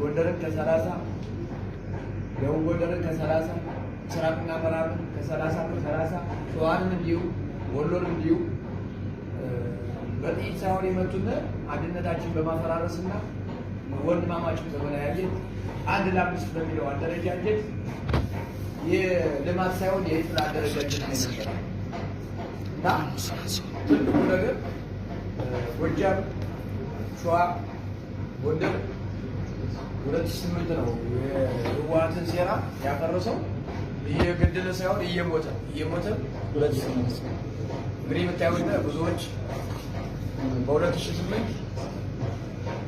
ጎንደርን ከሰላሳ ደቡብ ጎንደርን ከሰላሳ ምስራቅና ምዕራብን ከሰላሳ ከሰላሳ ሸዋንም እንዲሁ ወሎንም እንዲሁ በጥይት ሳይሆን የመጡን አንድነታችን በማፈራረስና ወንድማማችን በመለያየት አንድ ለአምስት በሚለው አደረጃጀት የልማት ሳይሆን የጥል አደረጃጀት እና ትልቁ ነገር ጎጃም፣ ሸዋ፣ ጎንደር ሁለት ስምንት ነው የህወሓትን ሴራ ያፈረሰው። እየገደለ ሳይሆን እየሞተ እየሞተ ሁለት ሺህ ስምንት እንግዲህ የምታዩት ብዙዎች በሁለት ሺህ ስምንት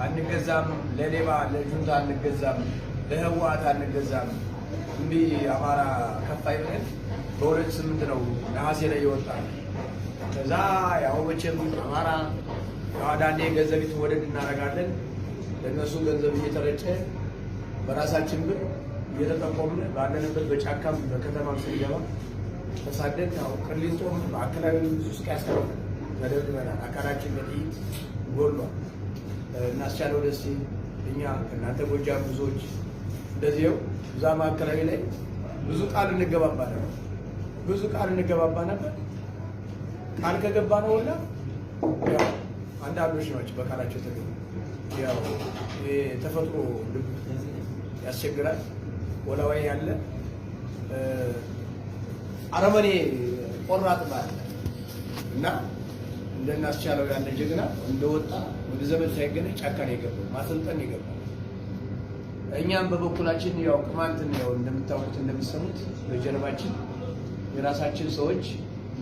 አንገዛም፣ ለሌባ ለጁንታ አንገዛም፣ ለህወሓት አንገዛም እንዲህ አማራ ከፋይ ብለን በሁለት ስምንት ነው ነሐሴ ላይ የወጣ ከዛ ያው መቼም አማራ ዳንዴ ገንዘቢት ወደድ እናደርጋለን ለእነሱ ገንዘብ እየተረጨ በራሳችን ብር እየተጠቆምን ባለንበት በጫካም በከተማም ስንገባ ተሳደን ያው ቅሊንጦም በአካላዊ ውስጥ ያሰሩ ተደርድበናል። አካላችን በጥይት ጎሏል። እናስቻለው ደሴ እኛ እናንተ ጎጃም ብዙዎች እንደዚው እዛ ማዕከላዊ ላይ ብዙ ቃል እንገባባ ነበር ብዙ ቃል እንገባባ ነበር ቃል ከገባ ነው ነውና አንዳንዶች ናቸው በቃላቸው ተገኙ። ያው ልብ ያስቸግራል። ወላዋይ ያለ አረመኔ ቆራጥ ባለ እና እንደናስቻለው ያለ ጀግና እንደወጣ ወደ ዘመን ሳይገናኝ ጫካን የገባው ማሰልጠን የገባው እኛም በበኩላችን ያው ቅማንትን ያው እንደምታውቁት እንደምትሰሙት በጀርባችን የራሳችን ሰዎች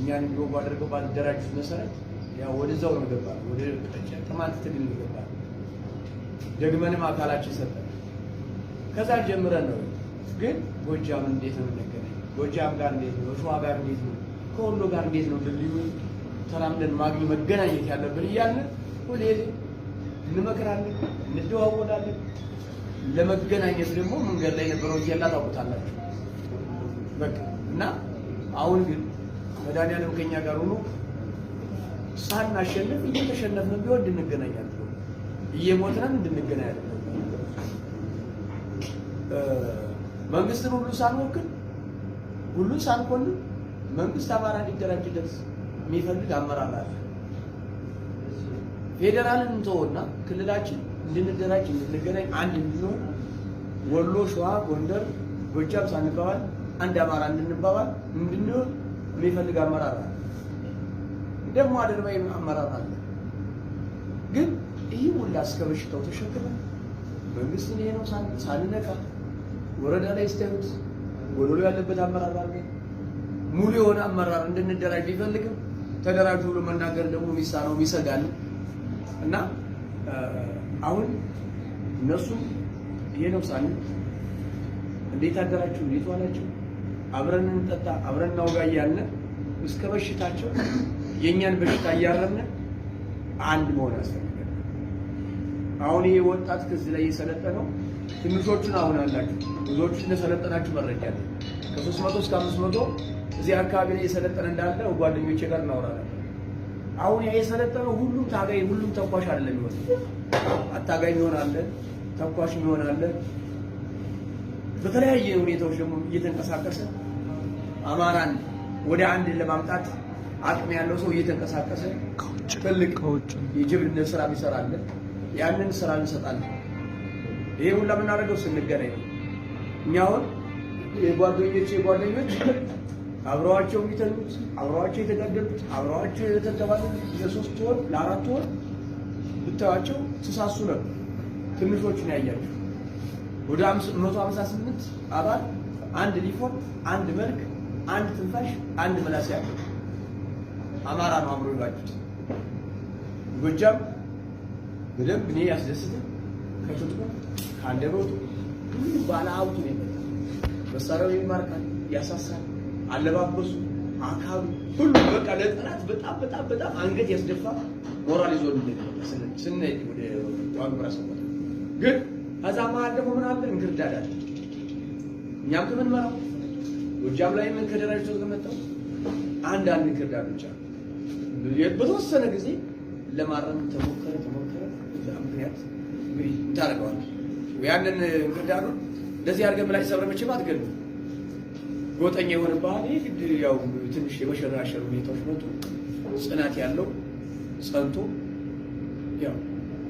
እኛን እንዲወጉ አድርገው ባደራጁት መሰረት ያው ወደዛው ነው ገባ ወደ ቅማንት ትግል ነው ገባ። ደግመንም አካላችን ሰጠን። ከዛ ጀምረን ነው ግን ጎጃም እንዴት ነው ነገር ጎጃም ጋር እንዴት ነው? ሸዋ ጋር እንዴት ነው? ከወሎ ጋር እንዴት ነው? ልዩ ተላምደን ማግኘ መገናኘት ያለብን እያልን ሁሌ እንመክራለን፣ እንደዋወላለን። ለመገናኘት ደግሞ መንገድ ላይ የነበረው እያላ ታውቁታላችሁ። በቃ እና አሁን ግን መድኃኒዓለም ከኛ ጋር ሆኖ ሳናሸንፍ እየተሸነፍን ቢሆን እንድንገናኛለን እየሞትነን እንድንገናኛለን። መንግስትን ሁሉ ሳንወክል ሁሉ ሳንኮንን መንግስት አማራ ሊደራጅለት የሚፈልግ አመራር አለ። ፌዴራልን እንተወና ክልላችን እንድንደራጅ እንድንገናኝ አንድ እንድንሆን ወሎ፣ ሸዋ፣ ጎንደር፣ ጎጃም ሳንባባል አንድ አማራ እንድንባባል እንድንሆን የሚፈልግ አመራር አለ። ደግሞ አድርባይ አመራር አለ። ግን ይህ ሁላ እስከ በሽታው ተሸክመን መንግስት ይሄ ነው ሳንነካ ወረዳ ላይ ስታዩት ጎዶሎ ያለበት አመራር አለ። ሙሉ የሆነ አመራር እንድንደራጅ ቢፈልግም ተደራጅ ብሎ መናገር ደግሞ ሚሳ ነው ይሰጋል። እና አሁን እነሱ ይሄ ነው ሳን እንዴት አደራችሁ፣ እንዴት ዋላችሁ፣ አብረን እንጠጣ፣ አብረን እናውጋ እያልን እስከ በሽታቸው የእኛን በሽታ እያረምን አንድ መሆን ያስፈልጋል። አሁን ይሄ ወጣት ከዚህ ላይ የሰለጠነው ትምህርቶቹን አሁን አላችሁ ብዙዎቹ እንደሰለጠናችሁ መረጃ አለ። ከሶስት መቶ እስከ አምስት መቶ እዚህ አካባቢ ላይ የሰለጠነ እንዳለ ጓደኞቼ ጋር እናወራለን። አሁን ያ የሰለጠነው ሁሉም ታጋይ ሁሉም ተኳሽ አይደለም የሚመስለው። አታጋይ የሚሆን አለ፣ ተኳሽ የሚሆን አለ። በተለያየ ሁኔታዎች ደግሞ እየተንቀሳቀሰ አማራን ወደ አንድ ለማምጣት አቅም ያለው ሰው እየተንቀሳቀሰ ትልቅ የጅብነት ስራ ይሰራለን። ያንን ስራ እንሰጣለን። ይሄ ሁላ የምናደርገው ስንገናኝ ነው። እኛ አሁን የጓደኞች የጓደኞች አብረዋቸው የሚተኙት አብረዋቸው የተገደሉት አብረዋቸው የተተባሉት ለሶስት ወር ለአራት ወር ብታዩዋቸው ትሳሱ ነበር። ትንሾችን ያያቸው ወደ መቶ ሀምሳ አባል አንድ ሊፎን አንድ መልክ አንድ ትንፋሽ አንድ መላስ ያለው አማራ ነው አምሮ ይሏችሁት ጎጃም በደንብ እኔ ያስደስተ ከትጥቁ ከአንደበቱ ሁሉ ባለ ነው መሳሪያው ይማርካል፣ ያሳሳል፣ አለባበሱ፣ አካሉ ሁሉ በቃ ለጠላት በጣም በጣም በጣም አንገት ያስደፋ ሞራል ይዞ ስንሄድ ወደ ዋን ራስ ግን ከዛ መሀል ደግሞ ምን አለ እንክርዳድ አለ። እኛም ከምንመራው ጎጃም ላይ ምን ከደራጅቶ ከመጣው አንዳንድ እንክርዳዶች አሉ። በተወሰነ ጊዜ ለማረም ተሞከረ ተሞከረ ምክንያት ታደርገዋል። ያንን እንቅዳሉ እንደዚህ አድርገን ብላች ሰብረ መቼም አትገሉ ጎጠኛ የሆነ ባህል ግድ ያው ትንሽ የመሸራሸር ሁኔታዎች መጡ። ጽናት ያለው ጸንቶ ያው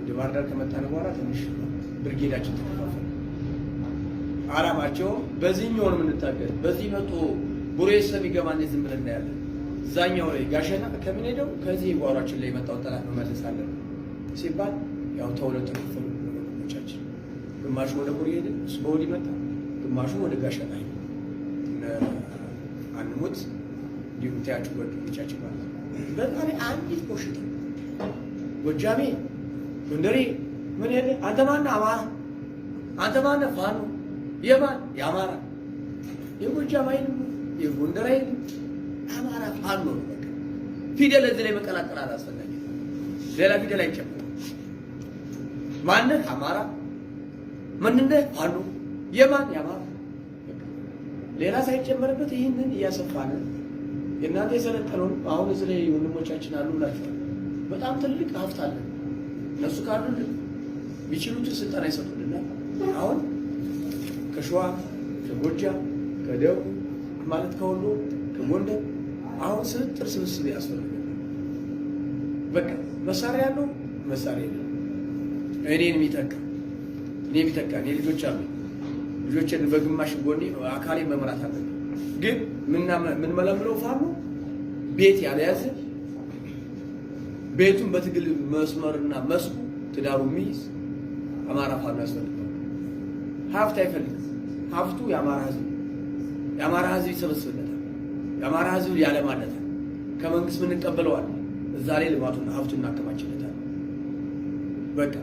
ወደ ባህር ዳር ከመጣን በኋላ ትንሽ ብርጌዳችን ተከፋፈለ። አላማቸው በዚህኛው ነው የምንታገል። በዚህ መቶ ቡሬ ሰብ ይገባን ዝም ብለን እናያለን እዛኛው ላይ ጋሸና ከምን ሄደው ከዚህ የጓሯችን ላይ የመጣው ጠላት መመለሳለን ሲባል ያው ተሁለት ክፍል ወገኖቻችን፣ ግማሹ ወደ ቡሬ ሄደ፣ እሱ በወዲ መጣ፣ ግማሹ ወደ ጋሸና ሄደ። አንሙት እንዲሁም ታያችሁ ጓደኞቻችን ማለት ነው። በጣም አንዲት ቆሽት ጎጃሜ ጎንደሬ ምን ሄደ? አንተ ማነህ? አማራ አንተ ማነህ? ፋኖ የማን የአማራ የጎጃም አይልም የጎንደር አይልም አማራ ፋኖ ነው። ፊደል እዚህ ላይ መቀላቀል አላስፈላጊም። ሌላ ፊደል አይጨምርም። ማንነት አማራ፣ ማንነት ፋኖ፣ የማን የአማራ ሌላ ሳይጨመርበት ይህንን እያሰፋን የእናንተ የሰለጠነውን አሁን እዚህ ላይ ወንድሞቻችን አሉ ብላችኋል። በጣም ትልቅ ሀብት አለ። እነሱ ካሉልን ቢችሉትን ስልጠና ይሰጡልናል። አሁን ከሸዋ ከጎጃ ከደቡብ ማለት ከወሎ ከጎንደር አሁን ስብጥር ስብስብ ያስፈልጋል። በቃ መሳሪያ ያለው መሳሪያ ነው። እኔን የሚጠቃ እኔ የሚጠቃ እኔ ልጆች አሉ ልጆችን በግማሽ ጎኔ አካሌ መምራት አለ። ግን ምንመለምለው ፋኖ ቤት ያልያዘ ቤቱን በትግል መስመርና መስኩ ትዳሩ የሚይዝ አማራ ፋኖ ያስፈልጋል። ሀብት አይፈልግም። ሀብቱ የአማራ ህዝብ የአማራ ህዝብ ይሰበስብላል። የአማራ ህዝብ ያለማለት ነው። ከመንግስት ምንቀበለዋል። እዛ ላይ ልማቱን ሀብቱን እናከማችለታል። በቃ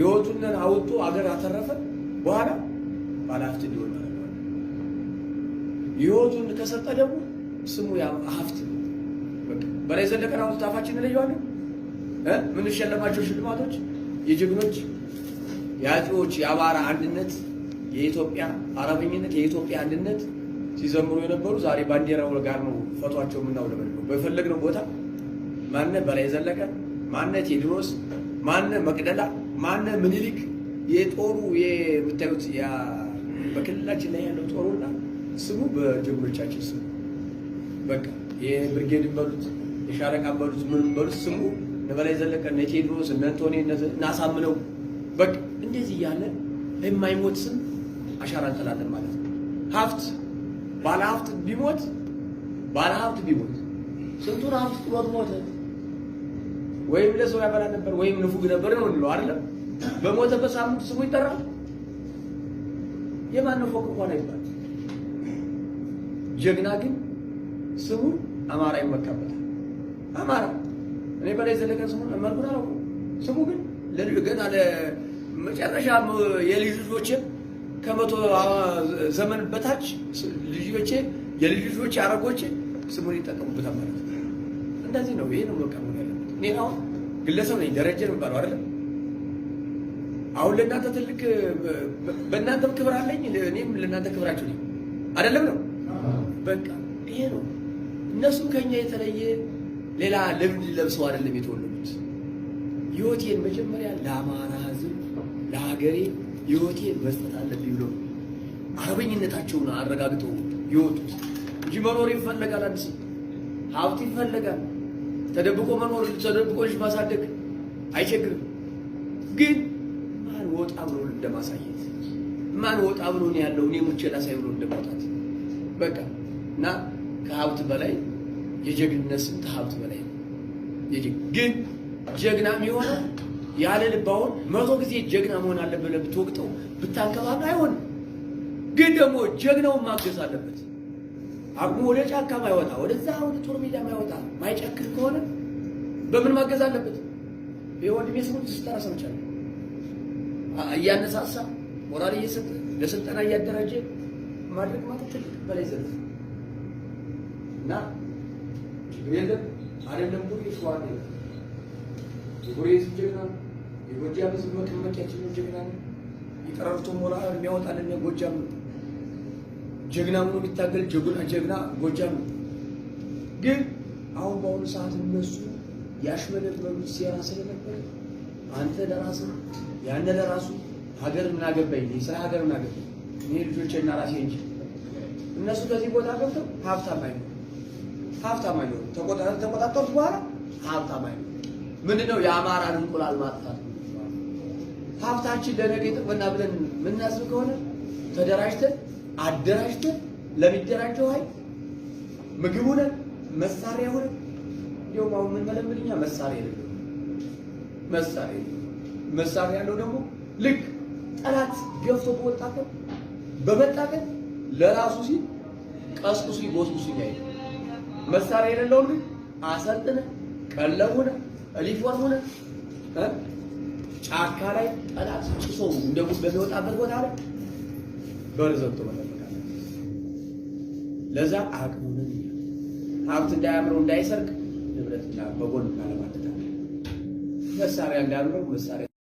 የወጡን አውጡ አገር አተረፈ። በኋላ ባለሀብት እንዲሆን ያደርገዋል። ህይወቱን ከሰጠ ደግሞ ስሙ ሀብት በላይ ዘለቀን አሁን ታፋችን እንለየዋለን። ምንሸለማቸው ሽልማቶች የጀግኖች የአፄዎች የአማራ አንድነት የኢትዮጵያ አረበኝነት የኢትዮጵያ አንድነት ሲዘምሩ የነበሩ ዛሬ ባንዲራው ጋር ነው ፎቷቸው የምናውለበልበው። በፈለግነው ቦታ ማነ በላይ ዘለቀ፣ ማነ ቴድሮስ፣ ማነ መቅደላ፣ ማነ ምኒልክ የጦሩ የምታዩት በክልላችን ላይ ያለው ጦሩና ስሙ በጀግኖቻችን ስሙ በቃ የብርጌድ በሉት የሻለቃ በሉት ምን በሉት ስሙ በላይ ዘለቀ እነ ቴድሮስ እነ አንቶኒ እናሳምነው በቃ እንደዚህ እያለ የማይሞት ስም አሻራ እንጥላለን ማለት ነው ሀብት ባለሀብት ቢሞት ባለሀብት ቢሞት ስንቱን ሀብት ጥሎት ሞተ። ወይም ለሰው ያበላ ነበር ወይም ንፉግ ነበር ነው እንለው አይደለም። በሞተ በሳምንት ስሙ ይጠራል። የማን ነው ፎቅ እንኳን አይባል። ጀግና ግን ስሙ አማራ ይመካበታል። አማራ እኔ በላይ ዘለቀ ስሙ መልኩን አላውቅም። ስሙ ግን ለልጅ ገና ለመጨረሻ የልጅ ልጆችን ከመቶ ዘመን በታች ልጆቼ የልጅ ልጆቼ አረጎቼ ስሙን ይጠቀሙበታል ማለት ነው። እንደዚህ ነው። ይሄ ነው በቃ ሆነ ያለ እኔ አሁን ግለሰብ ነኝ ደረጀ ነው የሚባለው አይደለም። አሁን ለእናንተ ትልቅ በእናንተም ክብር አለኝ፣ እኔም ለእናንተ ክብራችሁ ነኝ አይደለም ነው በቃ ይሄ ነው። እነሱ ከኛ የተለየ ሌላ ልምድ ለብሰው አይደለም የተወለዱት። ህይወቴን መጀመሪያ ለአማራ ህዝብ ለሀገሬ ህይወቴ መስጠት አለብኝ ብሎ አርበኝነታቸውን አረጋግጦ ይወጡት እንጂ መኖር ይፈለጋል። አዲስ ሀብት ይፈለጋል። ተደብቆ መኖር ተደብቆ ልጅ ማሳደግ አይቸግርም። ግን ማን ወጣ ብሎ እንደማሳየት ማን ወጣ ብሎ ነው ያለው እኔ ሙቼ ላሳይ ብሎ እንደማውጣት በቃ እና ከሀብት በላይ የጀግንነት ስም ከሀብት በላይ ነው። ግን ጀግና የሚሆነው ያለ ልባውን መቶ ጊዜ ጀግና መሆን አለበት ብለህ ብትወቅጠው ብታንከባብ አይሆንም። ግን ደግሞ ጀግናውን ማገዝ አለበት። አቅሙ ወደ ጫካ ማይወጣ ወደዛ ወደ ጦር ሜዳ ማይወጣ ማይጨክር ከሆነ በምን ማገዝ አለበት? የወንድሜ ስሙን ስጠራ ሰምቻለሁ። እያነሳሳ ሞራል እየሰጠ ለስልጠና እያደራጀ ማድረግ ማለት ትልቅ በላይ ዘርፍ እና ችግር የለም አይደለም ቡሬ ሸዋ ነው ቡሬ ጀግና የጎጃም ህዝብ ነው። ጀግና ነው። የጠራርቶ ሞራ የሚያወጣልን ጎጃም ነው። ጀግና ሆኖ የሚታገል ጀግና ጀግና ጎጃም ነው። ግን አሁን በአሁኑ ሰዓት እነሱ ያሽመደበሉት ሴራ ስለነበር አንተ ለራስ ያነ ለራሱ ሀገር ምን አገባኝ፣ ስለ ሀገር ምን አገባኝ እኔ ልጆቼና ራሴ እንጂ እነሱ ከዚህ ቦታ ገብተው ሀብታም አይሆን ሀብታም አይሆን ተቆጣጠሩት በኋላ ሀብታም አይሆን ምንድነው የአማራን እንቁላል ማጥፋት ሀብታችን ለነገ የተቆና ብለን የምናስብ ከሆነ ተደራጅተን አደራጅተን ለሚደራጀው ኃይል ምግብ ሆነ መሳሪያ ሆነ እንዲሁም አሁን ምን መለምልኛ መሳሪያ የለ መሳሪያ መሳሪያ ያለው ደግሞ ልክ ጠላት ገፍቶ በወጣቀን በመጣቀን ለራሱ ሲል ቀስቁሱ ጎስቁሱ ያይ መሳሪያ የሌለውን ግን አሰልጥነ ቀለቡነ ሪፎርሙነ ጫካ ላይ ጠላት ጭሶ እንደ ጉድ በሚወጣበት ቦታ ላይ በር ዘግቶ መጠበቃለ። ለዛ አቅሙንን ሀብት እንዳያምረው እንዳይሰርቅ ንብረትና በጎን እናለማለታለን። መሳሪያ እንዳያምረው መሳሪያ